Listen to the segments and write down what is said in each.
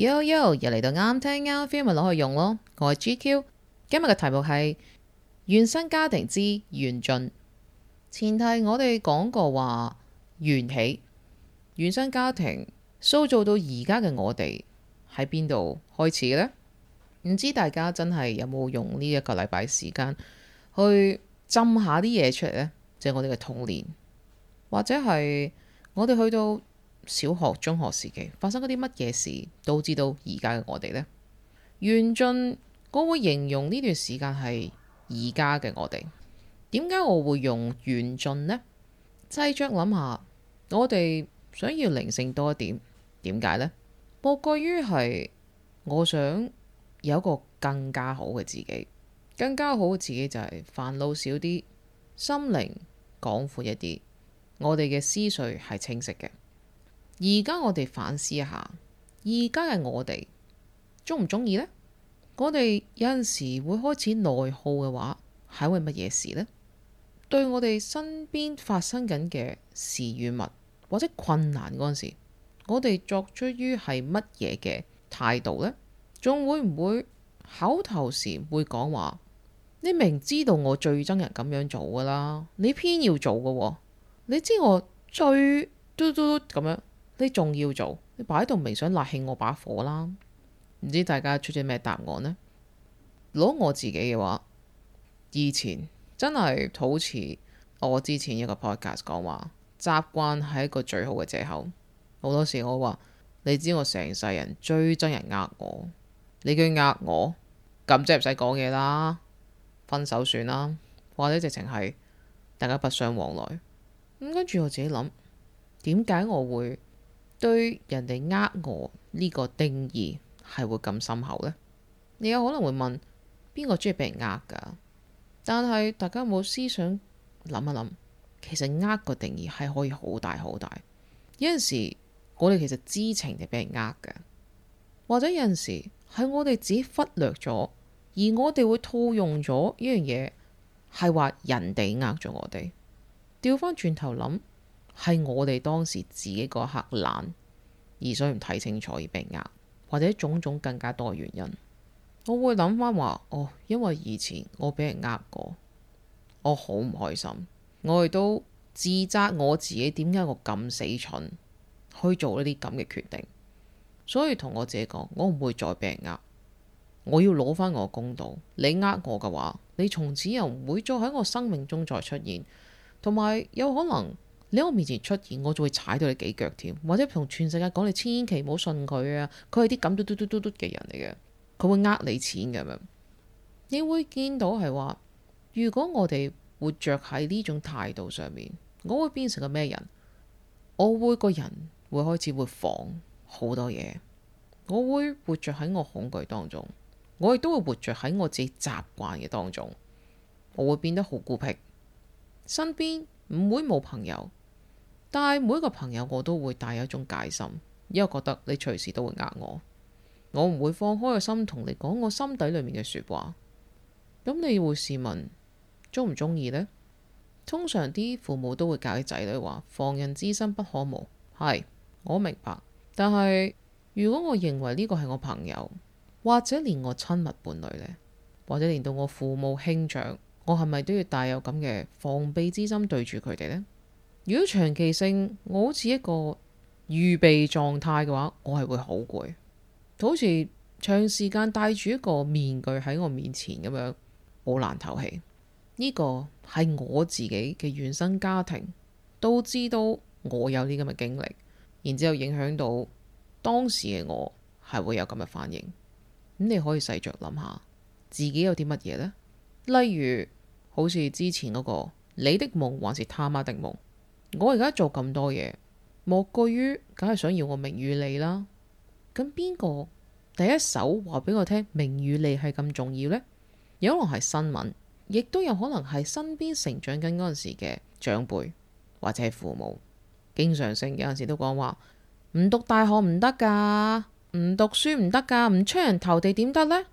Yo yo 又嚟到啱聽啱 feel 咪攞去用咯，我係 GQ，今日嘅題目係原生家庭之緣盡。前提我哋講過話緣起，原生家庭塑造到而家嘅我哋喺邊度開始呢？唔知大家真係有冇用呢一個禮拜時間去浸下啲嘢出嚟呢？即係我哋嘅童年，或者係我哋去到。小學、中學時期發生嗰啲乜嘢事，導致到而家嘅我哋咧？緣盡我會形容呢段時間係而家嘅我哋。點解我會用緣盡呢？細將諗下，我哋想要靈性多一點，點解呢？莫過於係我想有一個更加好嘅自己，更加好嘅自己就係煩惱少啲，心靈廣闊一啲，我哋嘅思緒係清晰嘅。而家我哋反思一下，而家嘅我哋中唔中意呢？我哋有陣時會開始內耗嘅話，係為乜嘢事呢？對我哋身邊發生緊嘅事與物，或者困難嗰陣時，我哋作出於係乜嘢嘅態度呢？仲會唔會口頭禪會講話？你明知道我最憎人咁樣做噶啦，你偏要做噶喎？你知我最嘟嘟嘟咁樣。你仲要做，你擺到度，明想辣起我把火啦？唔知大家出咗咩答案呢？攞我自己嘅話，以前真係好似。我之前一個 podcast 講話，習慣係一個最好嘅借口。好多時我話你知，我成世人最憎人呃我，你居然呃我咁，即係唔使講嘢啦，分手算啦，或者直情係大家不相往來咁。跟住我自己諗，點解我會，對人哋呃我呢個定義係會咁深厚呢？你有可能會問邊個中意俾人呃噶？但係大家有冇思想諗一諗？其實呃個定義係可以好大好大。有陣時我哋其實知情地俾人呃噶，或者有陣時係我哋自己忽略咗，而我哋會套用咗一樣嘢，係話人哋呃咗我哋。調翻轉頭諗。係我哋當時自己嗰一刻懶而，所以唔睇清楚而被呃，或者種種更加多嘅原因。我會諗翻話哦，因為以前我俾人呃過，我好唔開心。我亦都自責我自己點解我咁死蠢去做呢啲咁嘅決定。所以同我自己講，我唔會再俾人呃，我要攞翻我公道。你呃我嘅話，你從此又唔會再喺我生命中再出現，同埋有，有可能。你喺我面前出現，我就會踩到你幾腳添，或者同全世界講，你千祈唔好信佢啊。佢係啲咁嘟嘟嘟嘟嘅人嚟嘅，佢會呃你錢㗎。噉，你會見到係話，如果我哋活着喺呢種態度上面，我會變成個咩人？我會個人會開始會防好多嘢，我會活着喺我恐懼當中，我亦都會活着喺我自己習慣嘅當中，我會變得好孤僻，身邊唔會冇朋友。但係每一個朋友我都會帶有一種戒心，因為覺得你隨時都會呃我，我唔會放開個心同你講我心底裡面嘅說話。咁你會試問中唔中意呢？通常啲父母都會教啲仔女話防人之心不可無。係，我明白，但係如果我認為呢個係我朋友，或者連我親密伴侶呢，或者連到我父母兄長，我係咪都要帶有咁嘅防備之心對住佢哋呢？如果長期性我好似一個預備狀態嘅話，我係會好攰，就好似長時間戴住一個面具喺我面前咁樣，好難透氣。呢、這個係我自己嘅原生家庭都知道，我有啲咁嘅經歷，然之後影響到當時嘅我係會有咁嘅反應。咁、嗯、你可以細着諗下自己有啲乜嘢呢？例如好似之前嗰個你的夢還是他媽的夢。我而家做咁多嘢，莫過於梗係想要我名與利啦。咁邊個第一手話俾我聽名與利係咁重要呢？有可能係新聞，亦都有可能係身邊成長緊嗰陣時嘅長輩或者係父母，經常性有陣時都講話唔讀大學唔得噶，唔讀書唔得噶，唔出人頭地點得呢？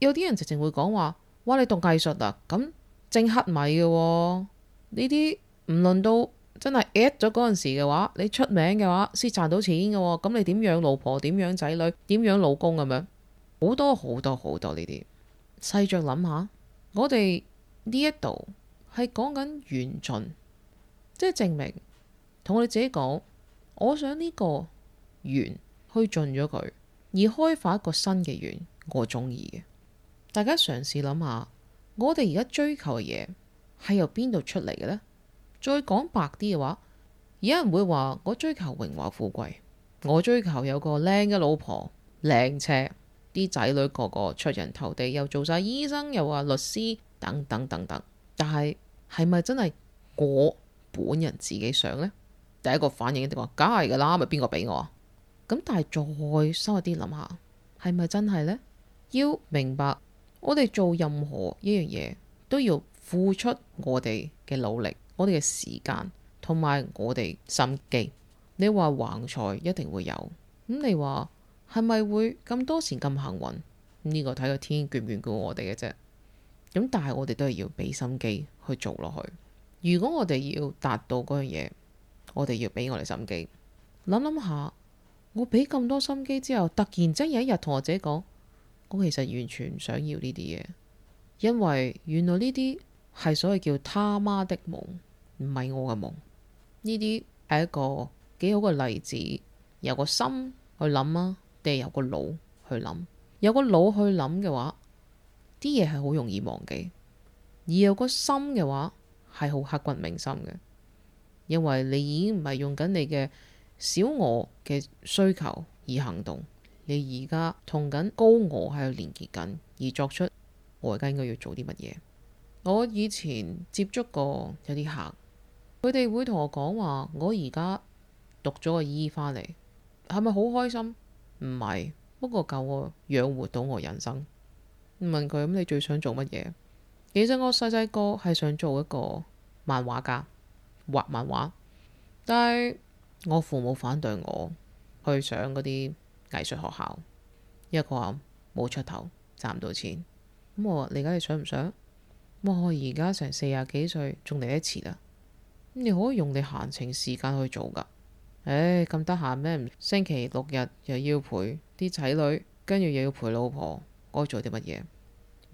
有啲人直情會講話，哇，你讀藝術啊，咁正黑米嘅呢啲唔論到。真係 at 咗嗰陣時嘅話，你出名嘅話先賺到錢㗎喎，咁你點養老婆？點養仔女？點養老公咁樣？好多好多好多呢啲，細着諗下。我哋呢一度係講緊緣盡，即係證明同我哋自己講。我想呢個緣去盡咗佢，而開發一個新嘅緣，我中意嘅。大家嘗試諗下，我哋而家追求嘅嘢係由邊度出嚟嘅呢？再講白啲嘅話，有人會話我追求榮華富貴，我追求有個靚嘅老婆、靚車，啲仔女個個出人頭地，又做晒醫生，又話律師，等等等等。但係係咪真係我本人自己想呢？第一個反應一定話梗係噶啦，咪邊個俾我咁？但係再深入啲諗下，係咪真係呢？要明白，我哋做任何一樣嘢都要付出我哋嘅努力。我哋嘅時間同埋我哋心機，你話橫財一定會有，咁你話係咪會咁多錢咁幸運？呢個睇個天眷唔眷顧我哋嘅啫。咁但係我哋都係要俾心機去做落去。如果我哋要達到嗰樣嘢，我哋要俾我哋心機。諗諗下，我俾咁多心機之後，突然間有一日同我自己講，我其實完全唔想要呢啲嘢，因為原來呢啲。係所謂叫他媽的夢，唔係我嘅夢。呢啲係一個幾好嘅例子。由個心去諗啊，定係由個腦去諗。有個腦去諗嘅話，啲嘢係好容易忘記；而有個心嘅話，係好刻骨銘心嘅。因為你已經唔係用緊你嘅小我嘅需求而行動，你而家同緊高我喺度連結緊，而作出我而家應該要做啲乜嘢。我以前接觸過有啲客，佢哋會同我講話。我而家讀咗個醫翻嚟，係咪好開心？唔係，不過夠喎，養活到我人生。問佢咁，你最想做乜嘢？其實我細細個係想做一個漫畫家，畫漫畫。但係我父母反對我去上嗰啲藝術學校，因為佢話冇出頭，賺唔到錢。咁我話：你而家你想唔想？我而家成四十幾歲，仲嚟得遲啦。你可以用你閒情時間去做噶。唉、哎，咁得閒咩？星期六日又要陪啲仔女，跟住又要陪老婆，該做啲乜嘢？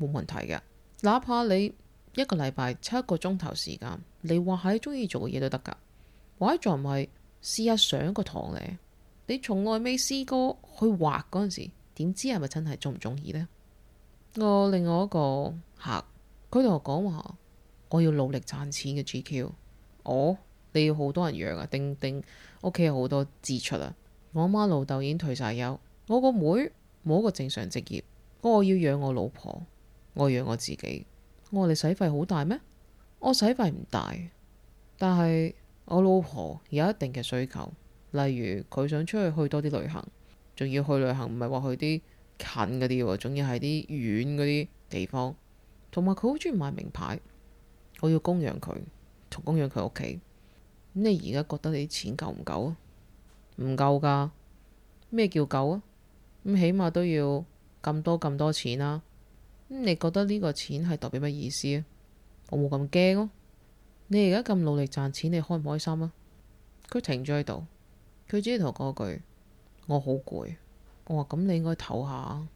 冇問題嘅，哪怕你一個禮拜七個鐘頭時間，你畫喺中意做嘅嘢都得噶。或者再唔係試下上個堂咧，你從來未試過去畫嗰陣時，點知係咪真係中唔中意呢？我另外一個客。佢同我講話，我要努力賺錢嘅 GQ。哦，你要好多人養啊，定定屋企有好多支出啊。我媽老豆已經退晒休，我個妹冇一個正常職業。我要養我老婆，我養我自己。我哋使費好大咩？我使費唔大，但係我老婆有一定嘅需求，例如佢想出去去多啲旅行，仲要去旅行唔係話去啲近嗰啲喎，仲要係啲遠嗰啲地方。同埋佢好中意買名牌，我要供養佢同供養佢屋企。咁你而家覺得你啲錢夠唔夠啊？唔夠噶，咩叫夠啊？咁起碼都要咁多咁多錢啦。咁你覺得呢個錢係代表乜意思啊？我冇咁驚咯。你而家咁努力賺錢，你開唔開心啊？佢停咗喺度，佢只係同我講句，我好攰。我話咁你應該唞下，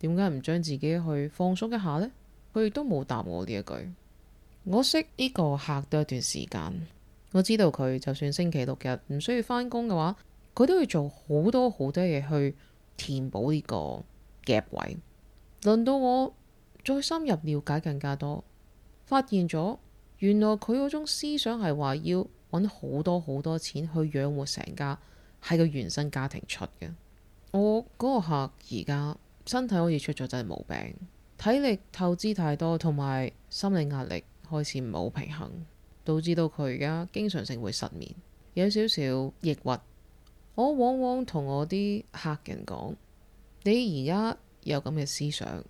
點解唔將自己去放鬆一下呢？佢亦都冇答我呢一句。我識呢個客都一段時間，我知道佢就算星期六日唔需要返工嘅話，佢都要做好多好多嘢去填補呢個夾位。輪到我再深入了解更加多，發現咗原來佢嗰種思想係話要揾好多好多錢去養活成家，係個原生家庭出嘅。我嗰個客而家身體好似出咗真係毛病。體力透支太多，同埋心理壓力開始冇平衡，導致到佢而家經常性會失眠，有少少抑鬱。我往往同我啲客人講：你而家有咁嘅思想，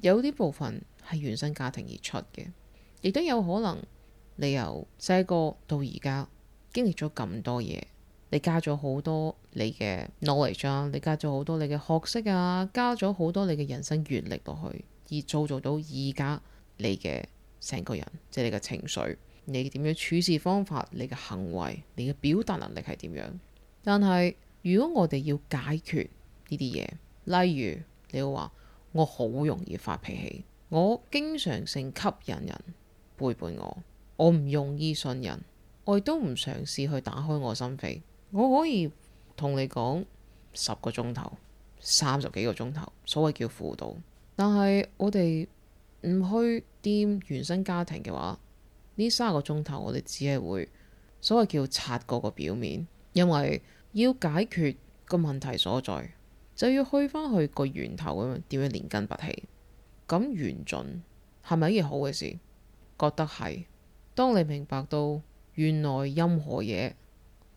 有啲部分係原生家庭而出嘅，亦都有可能你由細個到而家經歷咗咁多嘢，你加咗好多你嘅 knowledge 啊，你加咗好多你嘅學識啊，加咗好多你嘅人生閲歷落去。而造就到而家你嘅成個人，即係你嘅情緒，你點樣處事方法，你嘅行為，你嘅表達能力係點樣？但係如果我哋要解決呢啲嘢，例如你會話我好容易發脾氣，我經常性吸引人背叛我，我唔容易信任，我亦都唔嘗試去打開我心扉。我可以同你講十個鐘頭，三十幾個鐘頭，所謂叫輔導。但係我哋唔去掂原生家庭嘅話，呢三個鐘頭我哋只係會所謂叫擦過個表面，因為要解決個問題所在，就要去翻去個源頭咁樣，點樣連根拔起？咁緣盡係咪一件好嘅事？覺得係，當你明白到原來任何嘢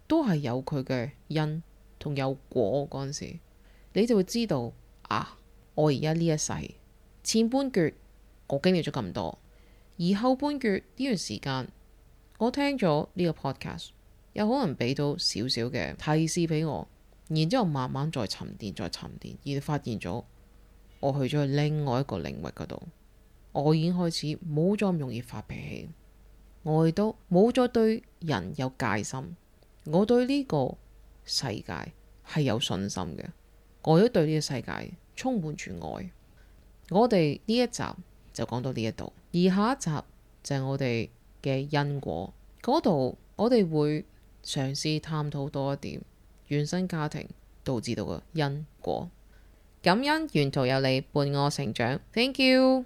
都係有佢嘅因同有果嗰陣時，你就會知道啊。我而家呢一世前半段，我經歷咗咁多；而後半段呢段時間，我聽咗呢個 podcast，有可能俾到少少嘅提示俾我。然之後慢慢再沉澱，再沉澱，而發現咗我去咗另外一個領域嗰度。我已經開始冇再咁容易發脾氣，我亦都冇再對人有戒心。我對呢個世界係有信心嘅，我都對呢個世界。充滿住愛，我哋呢一集就講到呢一度，而下一集就係我哋嘅因果嗰度，我哋會嘗試探討多一點原生家庭導致到嘅因果。感恩沿途有你伴我成長，Thank you。